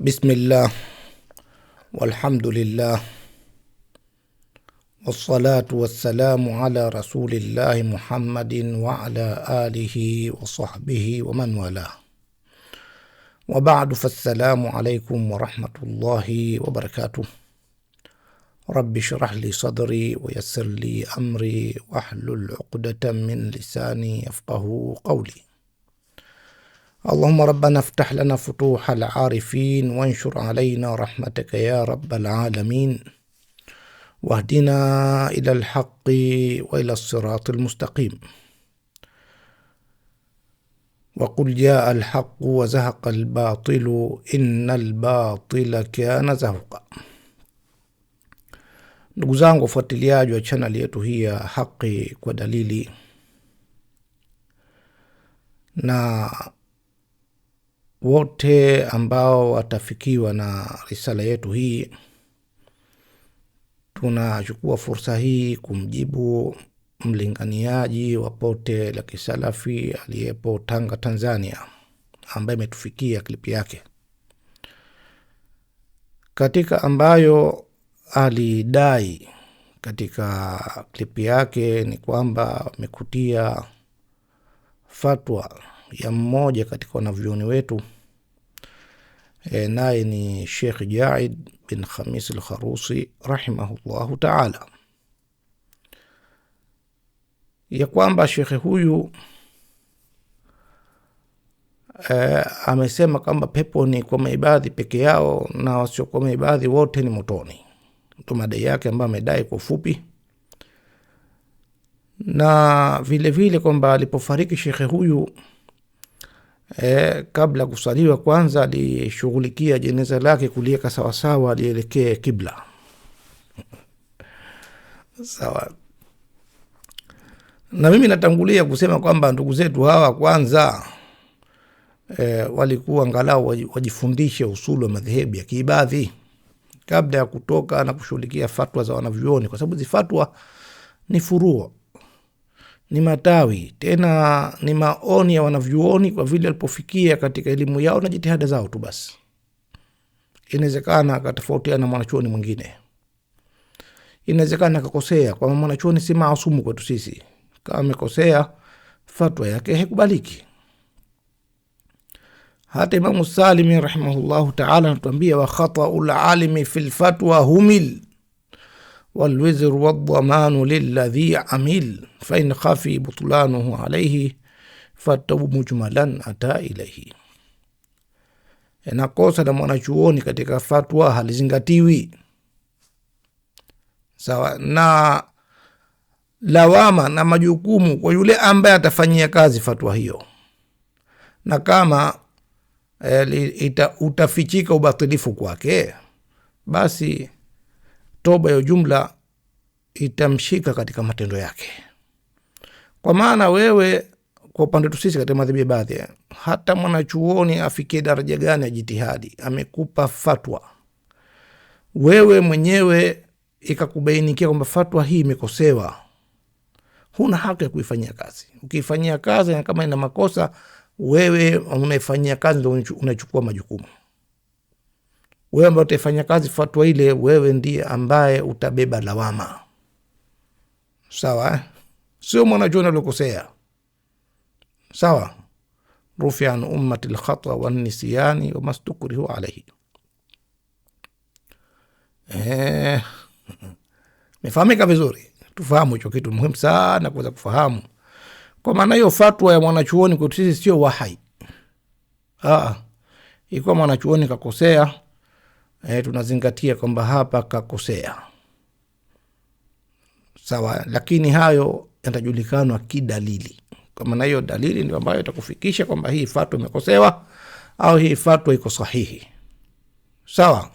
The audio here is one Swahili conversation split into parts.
بسم الله والحمد لله والصلاة والسلام على رسول الله محمد وعلى آله وصحبه ومن والاه وبعد فالسلام عليكم ورحمة الله وبركاته رب اشرح لي صدري ويسر لي أمري واحلل عقدة من لساني يفقه قولي اللهم ربنا افتح لنا فتوح العارفين وانشر علينا رحمتك يا رب العالمين واهدنا الى الحق والى الصراط المستقيم وقل جاء الحق وزهق الباطل ان الباطل كان زهقا ndugu zangu wafuatiliaji wa chanel yetu hii ya haki kwa dalili na wote ambao watafikiwa na risala yetu hii, tunachukua fursa hii kumjibu mlinganiaji wa pote la kisalafi aliyepo Tanga, Tanzania, ambaye imetufikia klipi yake katika ambayo alidai katika klipi yake ni kwamba amekutia fatwa ya mmoja katika wanavyoni wetu Eh, naye ni Sheikh Jaid bin Khamis al-Kharusi rahimahullahu taala, ya kwamba shekhe huyu e, amesema kwamba pepo ni kwa maibadhi peke yao na wasiokuwa maibadhi wote ni motoni. Ndo madai yake ambayo amedai kwa ufupi, na vilevile kwamba alipofariki shekhe huyu eh, kabla kusaliwa kwanza alishughulikia jeneza lake kulieka sawasawa, alielekee kibla sawa. Na mimi natangulia kusema kwamba ndugu zetu hawa kwanza E, walikuwa angalau wajifundishe usulu wa madhehebu ya Kiibadhi kabla ya kutoka na kushughulikia fatwa za wanavyoni kwa sababu zifatwa fatwa ni furuo ni matawi tena ni maoni ya wanavyuoni kwa vile walipofikia katika elimu yao na jitihada zao tu. Basi inawezekana akatofautiana mwanachuoni mwingine, inawezekana akakosea, kwama mwanachuoni si maasumu kwetu sisi. Kama amekosea, fatwa yake haikubaliki. Hata Imamu Salimi rahimahullahu taala anatuambia, wa khatau lalimi fi lfatwa humil والوزر والضمان للذي عمل فإن خفي بطلانه عليه fatabu mujmalan ata ilaihi. E, na kosa la mwanachuoni katika fatwa halizingatiwi sawa, na lawama na majukumu kwa yule ambaye atafanyia kazi fatwa hiyo, na kama eh, ita, utafichika ubatilifu kwake basi toba ya ujumla itamshika katika matendo yake. Kwa maana wewe, kwa upande wetu sisi katika madhehebu baadhi, hata mwanachuoni afikie daraja gani ya jitihadi, amekupa fatwa wewe mwenyewe ikakubainikia kwamba fatwa hii imekosewa, huna haki ya kuifanyia kazi. Ukiifanyia kazi na kama ina makosa, wewe unaifanyia kazi, ndo unachukua majukumu wewe ambaye utaifanya kazi fatwa ile, wewe ndiye ambaye utabeba lawama. Sawa eh? Sio mwanachuoni aliokosea. Sawa, rufi an ummati lkhata wannisiyani wamastukrihu alaihi. Eh. mefahamika vizuri. Tufahamu hicho kitu, muhimu sana kuweza kufahamu. Kwa maana hiyo, fatwa ya mwanachuoni kwetu sisi sio wahai. Ah, ikiwa mwanachuoni kakosea e, tunazingatia kwamba hapa kakosea sawa, lakini hayo yatajulikanwa kidalili. Kwa maana hiyo dalili ndio ambayo itakufikisha kwamba hii fatwa imekosewa au hii fatwa iko sahihi. Sawa,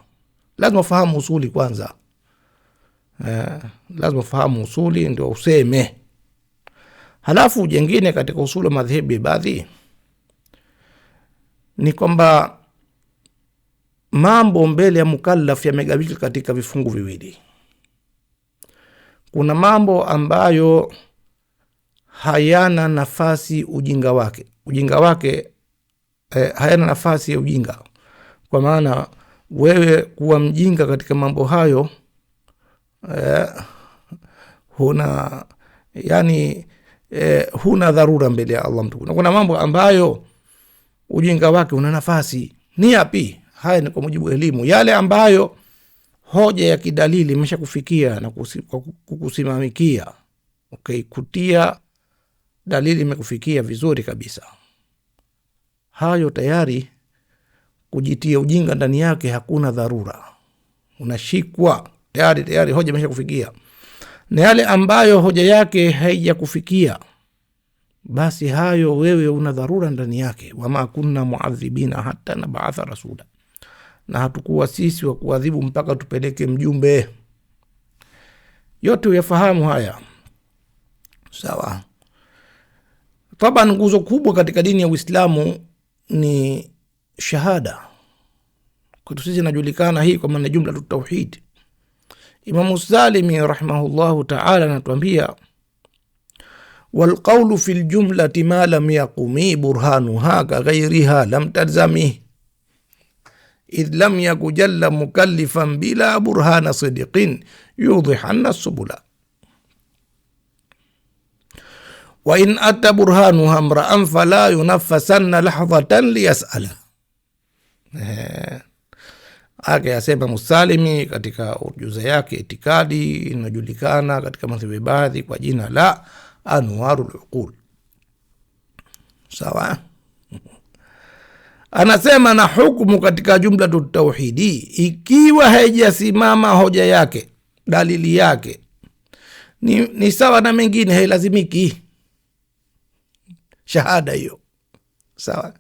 lazima ufahamu usuli kwanza. Eh, lazima ufahamu usuli ndio useme, halafu jengine katika usuli wa madhehebu baadhi ni kwamba mambo mbele ya mukallaf yamegawika katika vifungu viwili. Kuna mambo ambayo hayana nafasi ujinga wake, ujinga wake eh, hayana nafasi ya ujinga, kwa maana wewe kuwa mjinga katika mambo hayo eh, huna yani eh, huna dharura mbele ya Allah mtukufu. Na kuna mambo ambayo ujinga wake una nafasi. Ni yapi? Haya ni kwa mujibu wa elimu, yale ambayo hoja ya kidalili kufikia na kukusimamikia okay, kutia dalili imekufikia vizuri kabisa, hayo tayari kujitia ujinga ndani yake hakuna dharura, unashikwa tayari tayari, hoja kufikia. Na yale ambayo hoja yake haijakufikia basi hayo wewe una dharura ndani yake. Wama kunna muadhibina hata nabaatha rasula na hatukuwa sisi wa kuadhibu mpaka tupeleke mjumbe. Yote uyafahamu haya, sawa. Taban, nguzo kubwa katika dini ya Uislamu ni shahada. Kwetu sisi inajulikana hii kwa maana jumla tutauhid. Imamu Salimi rahimahullahu taala anatuambia walqaulu fi ljumlati ma lam yaqumi burhanuha kaghairiha lam talzamih إذ لم يك جل مكلفا بلا برهان صدق يوضح أن السبل وإن أتى برهانها امرأ فلا ينفسن لحظة ليسأل ake asema Musalimi katika ujuza yake itikadi inajulikana katika madhehebu baadhi kwa jina la anwarul uqul sawa so, anasema na hukumu katika jumlatu tauhidi, ikiwa haijasimama hoja yake dalili yake ni, ni sawa na mengine, hailazimiki shahada hiyo. Sawa,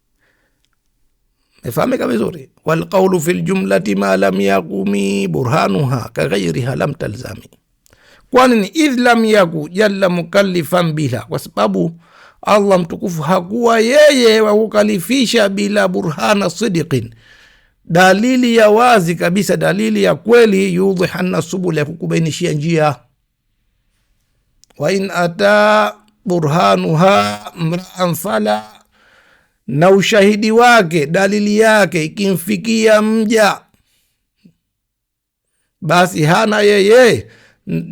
mefahamika vizuri. walqaulu fi ljumlati ma lam yakumi burhanuha kaghairiha lam talzami, kwani ni idh lam yaku jalla mukalifan biha, kwa sababu allah mtukufu hakuwa yeye wakukalifisha bila burhana sidiqin dalili ya wazi kabisa dalili ya kweli yudhihanna subula ya kukubainishia njia wain ata burhanuha mraan fala na ushahidi wake dalili yake ikimfikia mja basi hana yeye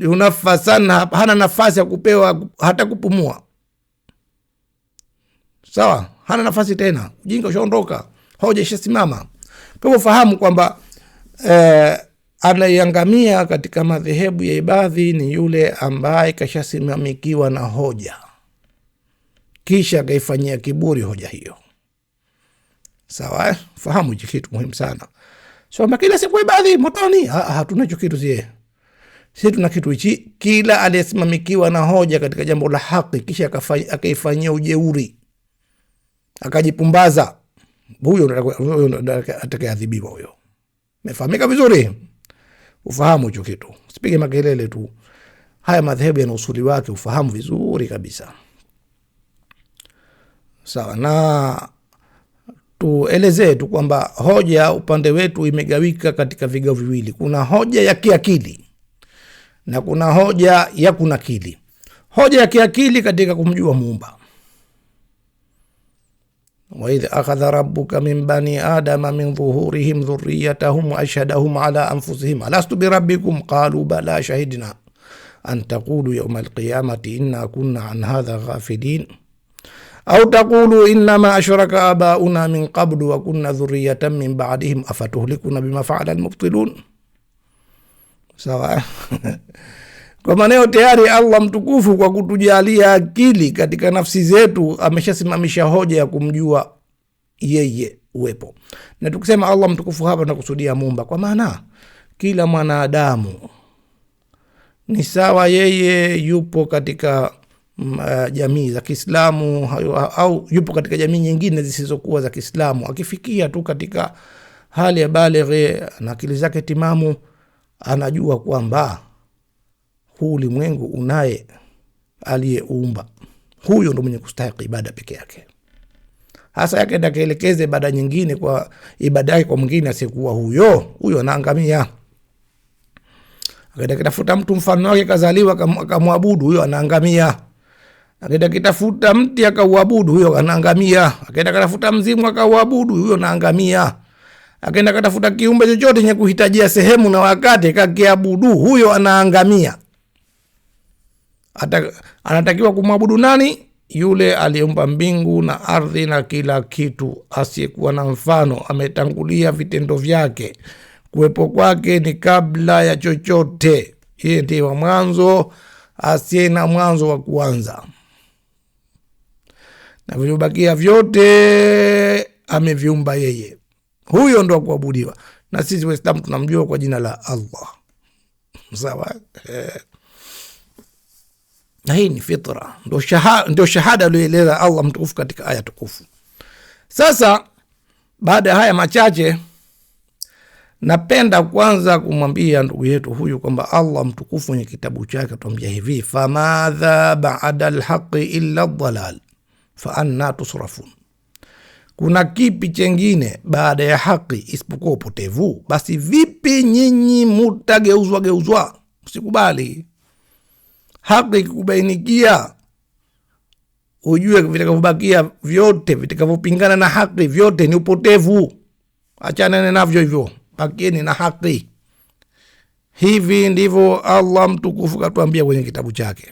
yunafasan hana nafasi ya kupewa hata kupumua sawa, hana nafasi tena, ujinga ushaondoka, hoja ishasimama. Kwa hivyo fahamu kwamba eh, anayeangamia katika madhehebu ya Ibadhi ni yule ambaye kashasimamikiwa na hoja kisha akaifanyia kiburi hoja hiyo. Sawa eh? Fahamu hichi kitu muhimu sana. So, kila siku Ibadhi motoni, ah, ah, hatuna hicho kitu zie, si tuna kitu hichi, kila aliyesimamikiwa na hoja katika jambo la haki kisha akaifanyia ujeuri akajipumbaza, huyo atakayeadhibiwa huyo. Mefahamika vizuri, ufahamu hicho kitu, sipige makelele tu. Haya madhehebu yana usuli wake, ufahamu vizuri kabisa. Sawa na tuelezee tu kwamba hoja upande wetu imegawika katika vigao viwili. Kuna hoja ya kiakili na kuna hoja ya kunakili. Hoja ya kiakili katika kumjua Muumba, واذ اخذ ربك من بني ادم من ظهورهم ذريتهم واشهدهم على انفسهم الست بربكم قالوا بلى شهدنا ان تقولوا يوم القيامه انا كنا عن هذا غافلين او تقولوا انما اشرك اباؤنا من قبل وكنا ذريه من بعدهم افتهلكنا بما فعل المبطلون سواء Kwa maanao tayari Allah mtukufu kwa kutujalia akili katika nafsi zetu ameshasimamisha hoja ya kumjua yeye uwepo. Na tukisema Allah mtukufu hapa tunakusudia Muumba, kwa maana kila mwanadamu ni sawa, yeye yupo katika mm, Uh, jamii za Kiislamu au yupo katika jamii nyingine zisizokuwa za Kiislamu, akifikia tu katika hali ya balere na akili zake timamu, anajua kwamba huu ulimwengu unaye aliyeumba, huyo ndo mwenye kustahiki ibada peke yake. Hasa yake ndakaelekeza ibada nyingine kwa ibada yake kwa mwingine asiyekuwa huyo, huyo anaangamia. Akaenda kitafuta mtu mfano wake kazaliwa, akamwabudu, huyo anaangamia. Akaenda kitafuta mti akauabudu, huyo anaangamia. Akaenda katafuta mzimu akauabudu, huyo anaangamia. Akaenda katafuta kiumbe chochote chenye kuhitajia sehemu na wakati kakiabudu, huyo anaangamia. Ata, anatakiwa kumwabudu nani? Yule aliyeumba mbingu na ardhi na kila kitu, asiyekuwa na mfano, ametangulia vitendo vyake, kuwepo kwake ni kabla ya chochote. Yeye ndiye wa mwanzo, asiye na mwanzo wa kuanza, na vilivyobakia vyote ameviumba yeye. Huyo ndo akuabudiwa, na sisi Waislamu tunamjua kwa jina la Allah. Sawa. Eh na hii ni fitra, ndio shahada, shahada aliyoeleza Allah mtukufu katika aya tukufu. Sasa baada ya haya machache, napenda kwanza kumwambia ndugu yetu huyu kwamba Allah mtukufu kwenye kitabu chake tuambia hivi, famadha baada lhaqi illa dhalal faanna tusrafun, kuna kipi chengine baada ya haki isipokuwa upotevu? Basi vipi nyinyi mutageuzwa geuzwa? Msikubali haki ikikubainikia, ujue vitakavyobakia vyote vitakavyopingana na haki vyote ni upotevu. Achanane navyo hivyo, bakieni na haki. Hivi ndivyo Allah mtukufu katuambia kwenye kitabu chake,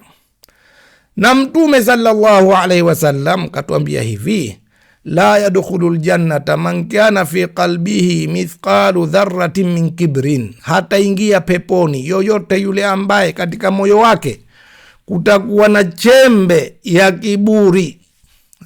na Mtume sallallahu alaihi wasallam katuambia hivi la yadkhulu ljannata man kana fi qalbihi mithqalu dharatin min kibrin, hataingia peponi yoyote yule ambaye katika moyo wake kutakuwa na chembe ya kiburi.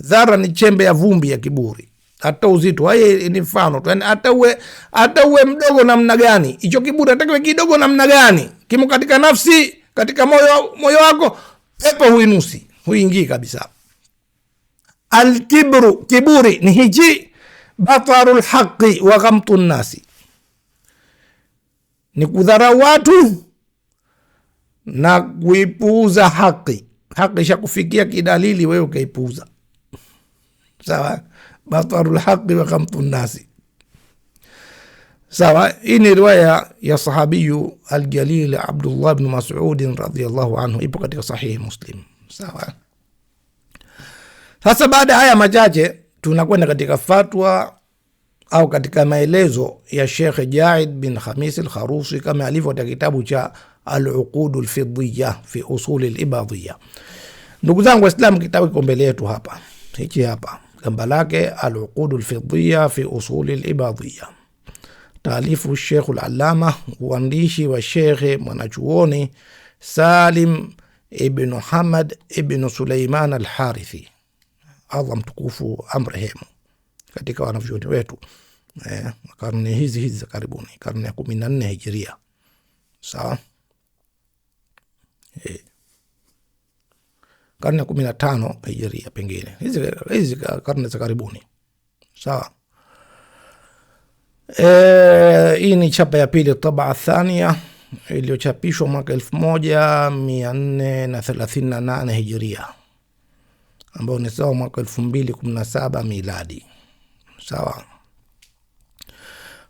Dhara ni chembe ya vumbi ya kiburi, hata uzito. aye ni mfano tu, yani hata uwe hata uwe mdogo namna gani, hicho kiburi hata kiwe kidogo namna gani, kimo katika nafsi, katika moyo moyo wako, pepo huinusi, huingii kabisa. Alkibru, kiburi ni hichi, bataru lhaqi wa ghamtu nnasi, ni kudharau watu na kuipuuza haki. Haki ishakufikia kidalili, wewe ukaipuuza. Sawa, bataru lhaqi wa ghamtu nnasi. Sawa, hii ni riwaya ya sahabiyu aljalil Abdullah bnu Masudin radiallahu anhu, ipo katika Sahihi Muslim. Sawa. Sasa baada ya haya machache, tunakwenda katika fatwa au katika maelezo ya Shekh Jaid bin Khamis Lkharusi kama alivyo katika kitabu cha aluqudu lfidiya fi usuli libadiya Ndugu zangu Waislamu, kitabu kiko mbele yetu hapa, hichi hapa gamba lake, aluqudu lfidiya fi usuli libadiya taalifu Shekhu Lalama, uandishi wa shekhe mwanachuoni Salim ibnu Hamad ibnu Suleiman Alharithi, Allah mtukufu amrehemu, katika wanavyoni wetu eh, karne hizi hizi za karibuni, karne ya kumi na nne hijiria. Sawa eh. Karne ya kumi na tano hijiria, pengine hizi hizi karne za karibuni, sawa. Eh, hii ni chapa ya pili, tabaa thania iliyochapishwa mwaka elfu moja mia nne na thelathini na nane hijiria ambayo ni sawa mwaka elfu mbili kumi na saba miladi. Sawa,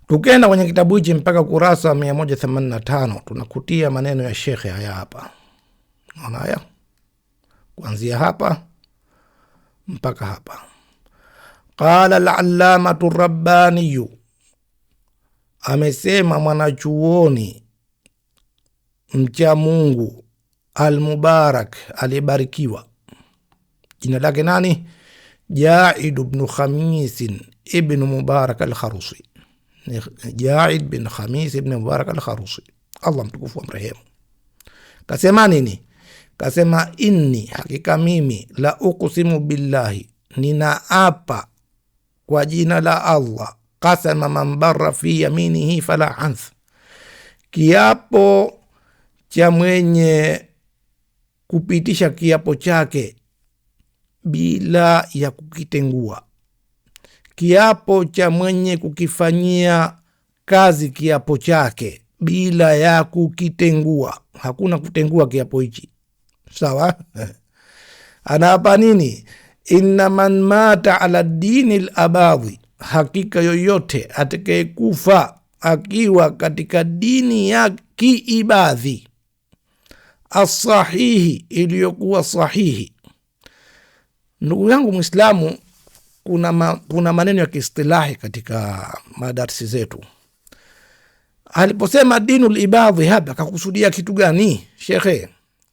Tukienda kwenye kitabu hichi mpaka kurasa mia moja themanini na tano tunakutia maneno ya shekhe haya hapa naona haya kuanzia hapa mpaka hapa qala allamatu rabbaniyu amesema mwanachuoni mcha mungu almubarak aliyebarikiwa jina lake nani jaid bnu khamisin ibnu mubarak alkharusi jaid bin khamis ibn mubarak alkharusi allah mtukufu mrehemu kasema nini kasema inni, hakika mimi la uksimu billahi, ninaapa kwa jina la Allah, kasama man barra fi yaminihi fala anth, kiapo cha mwenye kupitisha kiapo chake bila ya kukitengua, kiapo cha mwenye kukifanyia kazi kiapo chake bila ya kukitengua. Hakuna kutengua kiapo hichi sawa anaapa nini inna man mata ala dini labadhi hakika yoyote atakayekufa akiwa katika dini ya kiibadhi asahihi iliyokuwa sahihi ndugu yangu mwislamu kuna, ma, kuna maneno ya kiistilahi katika madarsi zetu aliposema dinu libadhi hapa kakusudia kitu gani shekhe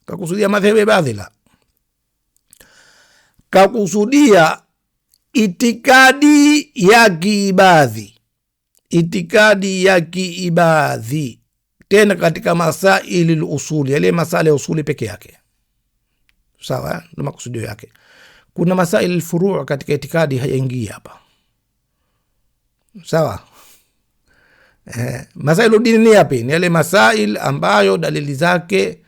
kakusudia madhehebu badhila, kakusudia itikadi ya kiibadhi, itikadi ya kiibadhi tena katika masaili lusuli, yale masala ya usuli peke yake. Sawa, ndo makusudio yake. Kuna masaili lfuruu katika itikadi hayaingii hapa. Sawa. Eh, masailu dini ni yapi? Ni yale masail ambayo dalili zake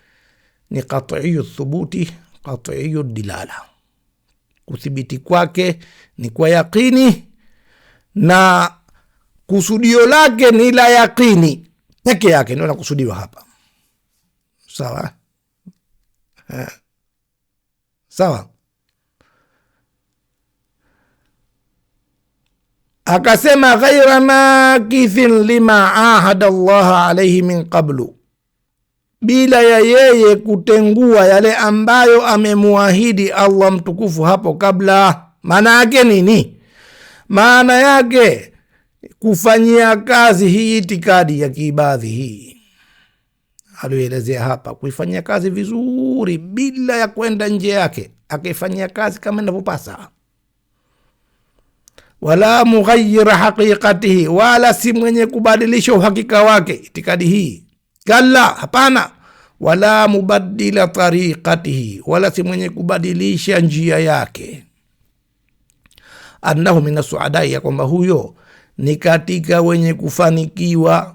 ni qat'iyu thubuti, qat'iyu dilala, kuthibiti kwake ni kwa yaqini na kusudio lake ni la yaqini peke yake, ndio nakusudiwa hapa. Sawa ha. Eh. Sawa. Akasema ghaira makithin lima ahada llaha alaihi min qablu bila ya yeye kutengua yale ambayo amemuahidi Allah mtukufu hapo kabla. Maana yake nini? Maana yake kufanyia kazi hii itikadi ya kiibadhi hii aliyoelezea hapa, kuifanyia kazi vizuri bila ya kwenda nje yake, akaifanyia kazi kama inavyopasa wala mughayira haqiqatihi, wala si mwenye kubadilisha uhakika wake. Itikadi hii kalla, hapana wala mubadila tariqatihi, wala si mwenye kubadilisha njia yake. Annahu min asuadai, ya kwamba huyo ni katika wenye kufanikiwa.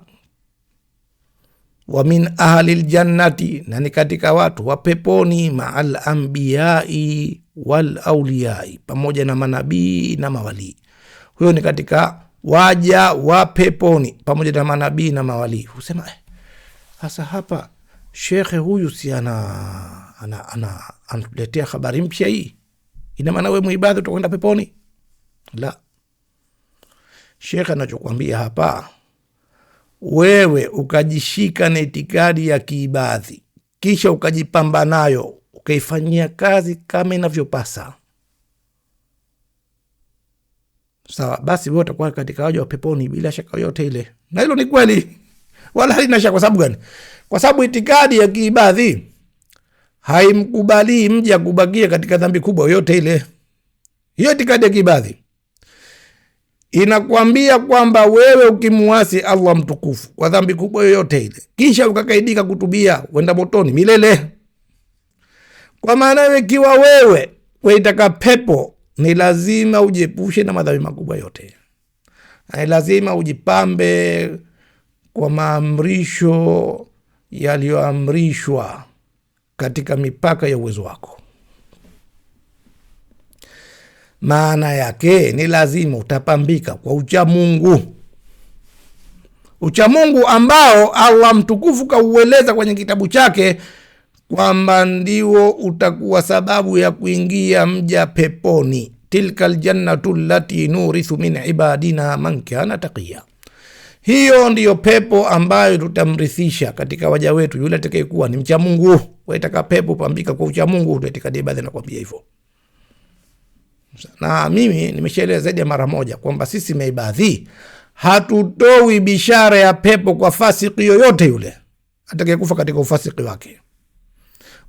Wa min ahli ljannati, na ni katika watu wa peponi. Maa lambiyai walauliyai, pamoja na manabii na mawalii. Huyo ni katika waja wa peponi pamoja na manabii na mawalii. Husema eh, hasa hapa shekhe huyu si ana ana ana anatuletea habari mpya hii? Ina maana we mwibadhi utakwenda peponi? La, shekhe anachokwambia hapa, wewe ukajishika na itikadi ya kiibadhi, kisha ukajipamba nayo ukaifanyia kazi kama inavyopasa, sawa, basi we utakuwa katika waja wa peponi bila shaka yoyote ile, na hilo ni kweli wala halina shaka. Kwa sababu gani? Kwa sababu itikadi ya kiibadhi haimkubalii mja kubakia katika dhambi kubwa yoyote ile. Hiyo itikadi ya kiibadhi inakwambia kwamba wewe ukimuasi Allah mtukufu kwa dhambi kubwa yoyote ile, kisha ukakaidika kutubia, wenda motoni milele. Kwa maana hiyo, ikiwa wewe weitaka pepo, ni lazima ujiepushe na madhambi makubwa yote, ni lazima ujipambe kwa maamrisho yaliyoamrishwa katika mipaka ya uwezo wako. Maana yake ni lazima utapambika kwa uchamungu, uchamungu ambao Allah mtukufu kaueleza kwenye kitabu chake kwamba ndio utakuwa sababu ya kuingia mja peponi, tilka ljannatu lati nurithu min ibadina man kana taqiya hiyo ndiyo pepo ambayo tutamrithisha katika waja wetu yule atakayekuwa ni mcha Mungu. Waitaka pepo pambika kwa ucha Mungu, nakwambia hivyo. Na mimi nimeshaeleza zaidi ya mara moja kwamba sisi meibadhi hatutoi bishara ya pepo kwa fasiki yoyote yule atakayekufa katika ufasiki wake.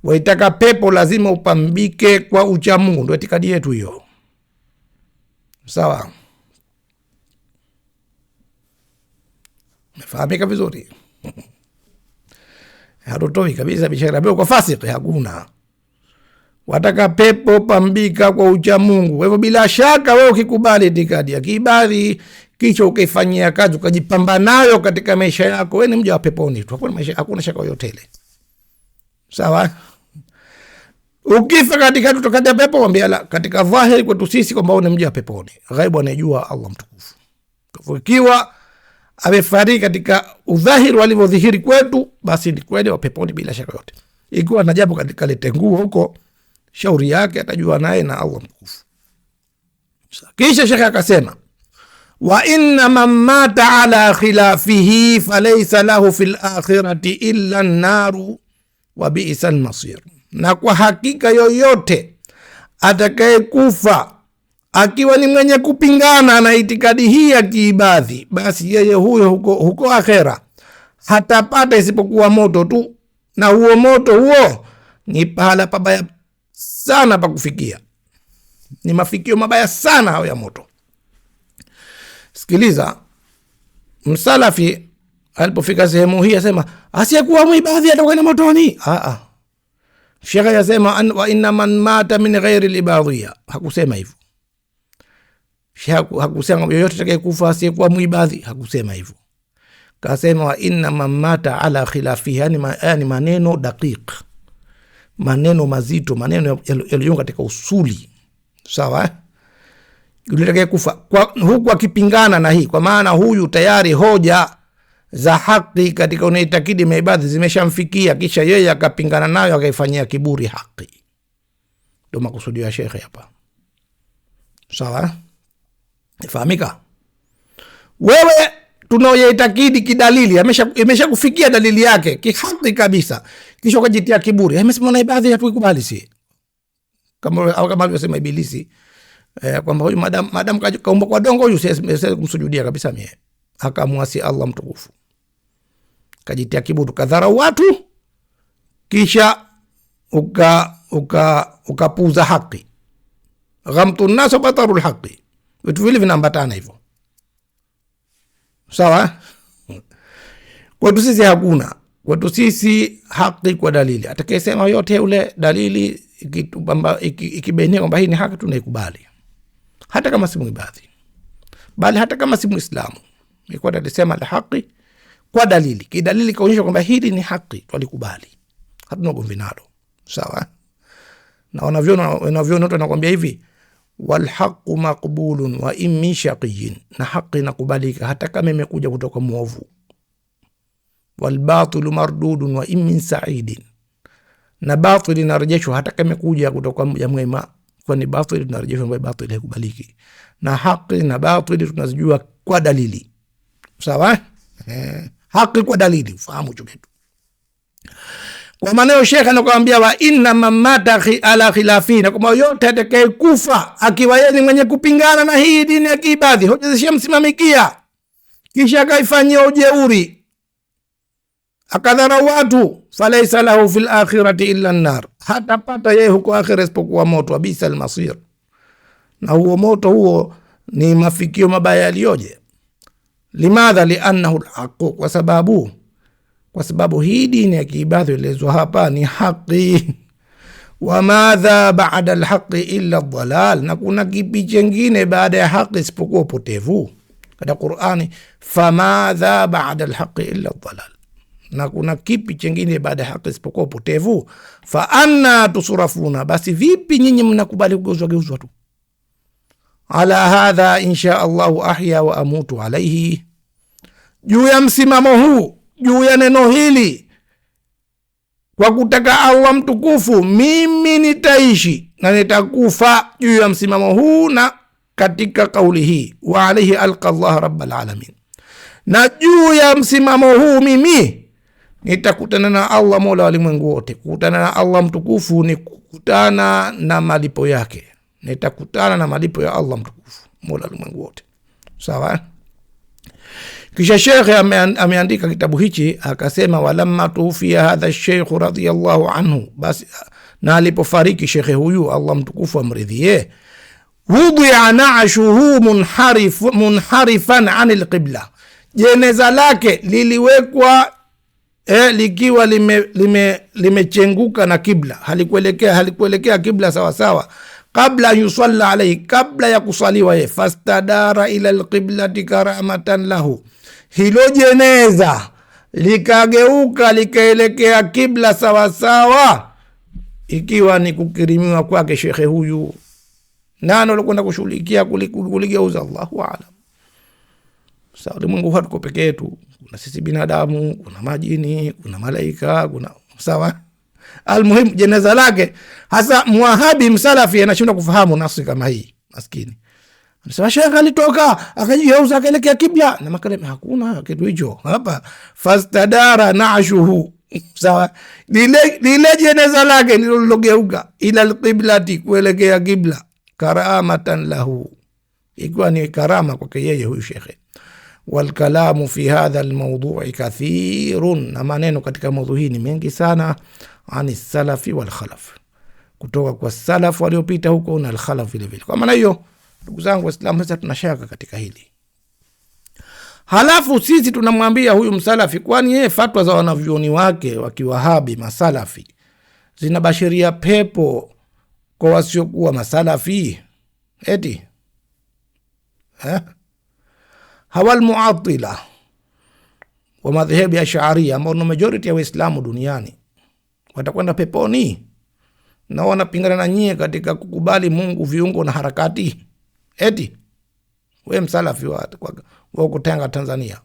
Waitaka pepo lazima upambike kwa ucha Mungu, ndo itikadi yetu hiyo, sawa. Mefahamika vizuri hatotoi kabisa bishara hiyo kwa fasiki, hakuna wataka pepo pambika kwa ucha Mungu. Kwa hivyo bila shaka wewe ukikubali itikadi ya kibari kicho ukifanyia kazi ukajipamba nayo katika maisha yako, wewe ni mja wa peponi tu, hakuna maisha, hakuna shaka yoyote ile. Sawa, ukifa katika tutakaja pepo, mwambia la, katika dhahiri kwetu sisi kwamba wewe ni mja wa peponi, ghaibu anajua Allah mtukufu. Kwa hivyo ikiwa amefariki katika udhahiri walivyodhihiri kwetu, basi ni kweli wa peponi bila shaka yote. Ikiwa na japo katika lete nguo huko, shauri yake atajua naye na Allah mtukufu. Kisha shekhe akasema, wa inna man mata ala khilafihi falaisa lahu fi lakhirati illa naru wa biisa lmasir, na kwa hakika yoyote atakayekufa akiwa ni mwenye kupingana na itikadi hii ya kiibadhi, basi yeye huyo huko, huko akhera hatapata isipokuwa moto tu, na huo moto huo ni pahala pabaya sana pa kufikia. Ni mafikio mabaya sana hayo ya moto. Sikiliza, msalafi alipofika sehemu hii asema asiyekuwa mwibadhi atakwenda motoni. Ah, ah. Shekhe yasema wa inna man mata min ghairi libadhia, hakusema hivyo hakusema yoyote atakayekufa asiyekuwa mwibadhi, hakusema hivyo. Kasema wa inna man mata ala khilafihi, yani maneno daqiq, maneno mazito, maneno yaliyo katika usuli sawa. Eh? Yule kwa, huku akipingana na hii, kwa maana huyu tayari hoja za haki katika unaitakidi maibadhi zimeshamfikia, kisha yeye akapingana nayo akaifanyia kiburi haki. Ndo makusudio ya shekhe hapa, sawa. eh? Ifahamika wewe tunaoyaitakidi kidalili imeshakufikia dalili yake kihaki kabisa, kisha ukajitia kiburi. Amesema na baadhi hatuikubali, si kama au kama alivyosema Ibilisi eh, kwamba huyu madam madam kaumbwa kwa dongo, huyu siwezi kumsujudia kabisa mie. Akamwasi Allah mtukufu, kajitia kiburi, kadhara watu, kisha uka uka ukapuza haki, ghamtu nnas bataru lhaqi vitu vile vinaambatana hivyo, sawa. Kwetu sisi hakuna, kwetu sisi haki kwa dalili. Atakayesema yote ule dalili ikibainia kwamba hii ni haki, tunaikubali hata kama si mwibadhi, bali hata kama si Mwislamu. Ikuwa atasema la haki kwa dalili, kidalili kaonyesha kwamba hili ni haki, twalikubali, hatuna gomvi nalo, sawa. Na wanavyona wanavyona watu wanakwambia hivi walhaqu maqbulun wa in min shaqiyin, na haqi inakubalika hata kama imekuja kutoka mwovu. Walbatilu mardudun wa in min saidin, na batili inarejeshwa hata kama imekuja kutoka ya mwema, kwani batili tunarejeshwa ambayo batili haikubaliki. Na haqi na batili tunazijua kwa dalili. Sawa, eh, haqi kwa dalili, ufahamu hicho kwa maana shekhe anakuambia wa inna mamata ala khilafina, kwamba yote atakaye kufa akiwa yeye ni mwenye kupingana na hii dini ya kiibadhi, hoja zishamsimamikia, kisha akaifanyia ujeuri, akadhara watu, falaisa lahu fil akhirati illa nar, hatapata yeye huko akhira isipokuwa moto. Abisa almasir, na huo moto huo ni mafikio mabaya yaliyoje. Limadha liannahu lhaqu kwa sababu kwa sababu hii dini ya kiibadhi ilielezwa hapa ni haqi wamadha bada lhaqi illa dalal, na kuna kipi chengine baada ya haqi isipokuwa upotevu. Katika Qurani, famadha bada lhaqi illa dalal, na kuna kipi chengine baada ya haqi isipokuwa upotevu. Fa anna tusrafuna, basi vipi nyinyi mnakubali geuzwa tu. Ala hadha insha allahu ahya wa amutu alaihi, juu ya msimamo huu juu ya neno hili kwa kutaka Allah mtukufu, mimi nitaishi na nitakufa juu ya msimamo huu na katika kauli hii, wa alaihi alqa Allah rabbal alamin, na juu ya msimamo huu mimi nitakutana na Allah mola walimwengu wote. Kukutana na Allah mtukufu ni kukutana na malipo yake, nitakutana na malipo ya Allah mtukufu mola walimwengu wote. Sawa. Kisha shekhe ameandika kitabu hichi akasema, walamma tufia hadha sheikhu radhiallahu anhu, basi na alipofariki shekhe huyu Allah mtukufu amridhie, wudia nashuhu munharifan an lqibla, jeneza lake liliwekwa eh, likiwa limechenguka lime, lime na kibla, halikuelekea halikuelekea kibla sawasawa qabla an yusalla alaihi, kabla ya kusaliwa ye, fastadara ila lqiblati karamatan lahu hilo jeneza likageuka likaelekea kibla sawasawa, ikiwa ni kukirimiwa kwake shekhe huyu, nani alikwenda kushughulikia kuligeuza? Allahu alam. Sa ulimwengu hatuko peke yetu, kuna sisi binadamu, kuna majini, kuna malaika, kuna sawa. Almuhimu jeneza lake hasa mwahabi msalafi anashindwa kufahamu nafsi kama hii, maskini Anasema shekhe alitoka akajigeuza akaelekea kibla na makale, hakuna kitu hicho hapa. Fastadara nashuhu sawa, lile jeneza lake nililogeuka ila lqiblati, kuelekea kibla, karamatan lahu, ikiwa ni karama kwake yeye huyu shekhe. Walkalamu fi hadha lmaudui kathirun, na maneno katika maudhu hii ni mengi sana. Ani salafi walkhalaf, kutoka kwa salaf waliopita huko na alkhalaf vilevile. Kwa maana hiyo Ndugu zangu Waislamu, sasa tunashaka katika hili. Halafu sisi tunamwambia huyu msalafi, kwani yeye fatwa za wanavyoni wake wa kiwahabi masalafi zinabashiria pepo kwa wasiokuwa masalafi eti eh? ha? wa madhehebu ya Shaaria ambao no majority ya Waislamu duniani watakwenda peponi, na wanapingana na nyie katika kukubali Mungu, viungo na harakati eti we msalafi wa kutenga Tanzania,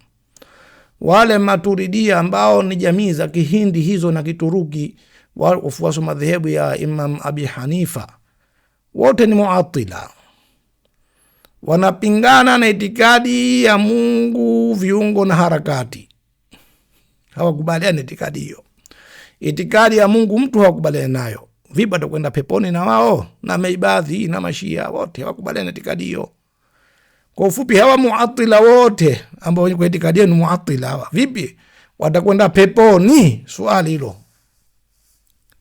wale maturidia ambao ni jamii za kihindi hizo na kituruki, wafuasi wa madhehebu ya Imam Abi Hanifa, wote ni muatila, wanapingana na itikadi ya Mungu, viungo na harakati. Hawakubaliani itikadi hiyo. Itikadi ya Mungu mtu hawakubaliani nayo vipi watakwenda peponi na wao? Na meibadhi na Mashia wote wakubaliana na itikadi hiyo. Kwa ufupi, hawa muatila wote ambao wenye kuitikadia ni muatila hawa, vipi watakwenda peponi? Swali hilo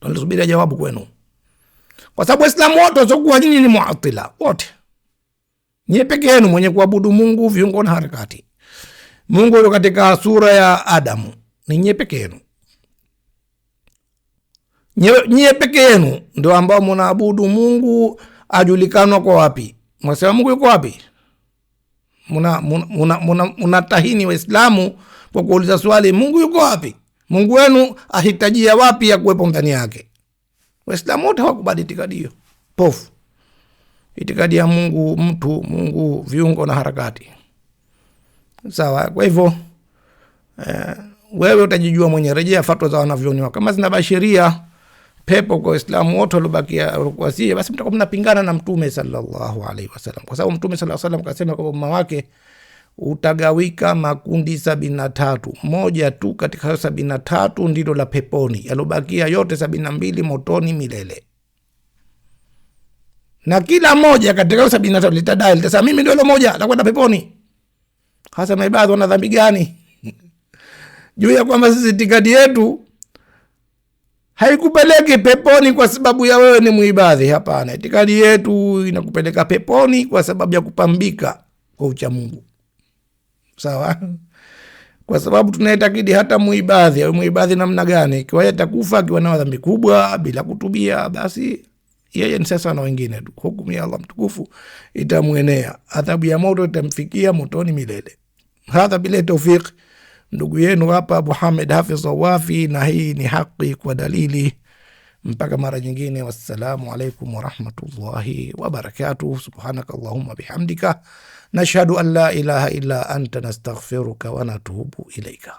tunasubiria jawabu kwenu, kwa sababu Waislamu wote wasiokuwa nyinyi ni muatila wote, nyie peke yenu mwenye kuabudu Mungu viungo na harakati Mungu katika sura ya Adamu ni nyie peke yenu nyie peke yenu ndio ambao munaabudu Mungu ajulikanwa kwa wapi? Mwasema Mungu yuko wapi? Muna, muna, muna, Waislamu kwa kuuliza swali Mungu yuko wapi? Mungu wenu ahitajia wapi ya kuwepo ndani yake? Waislamu wote hawakubali itikadi hiyo pofu, itikadi ya Mungu mtu, Mungu viungo na harakati. Sawa. Kwa hivyo eh, wewe utajijua mwenye. Rejea fatwa za wanavyoniwa kama zinabashiria pepo kwa Waislamu wote waliobakia wasie, basi mtakuwa mnapingana na Mtume sallallahu alaihi wasallam, kwa sababu Mtume saa salam kasema kwamba umma wake utagawika makundi sabini na tatu. Moja tu katika hayo sabini na tatu ndilo la peponi, yaliobakia yote sabini na mbili motoni milele. Na kila moja katika hayo sabini na tatu litadai, litasema mimi ndio hilo moja la kwenda peponi. Hasa maibadhi wana dhambi gani juu ya kwamba sisi tikadi yetu haikupeleki peponi kwa sababu ya wewe ni muibadhi. Hapana, itikadi yetu inakupeleka peponi kwa sababu ya kupambika kwa ucha Mungu, sawa? Kwa sababu tunaitakidi hata muibadhi awe muibadhi namna gani, ikiwa yeye atakufa akiwa na dhambi kubwa bila kutubia, basi yeye ni sasa na wengine tu. Hukumu ya Allah mtukufu itamwenea, adhabu ya moto itamfikia motoni milele. hadha bila taufiki ndugu yenu hapa Muhamed Hafidh Awafi, na hii ni haki kwa dalili. Mpaka mara nyingine, wassalamu alaikum warahmatullahi wabarakatuh. Subhanaka allahumma bihamdika nashhadu an la ilaha illa anta nastaghfiruka wa natubu ilaika.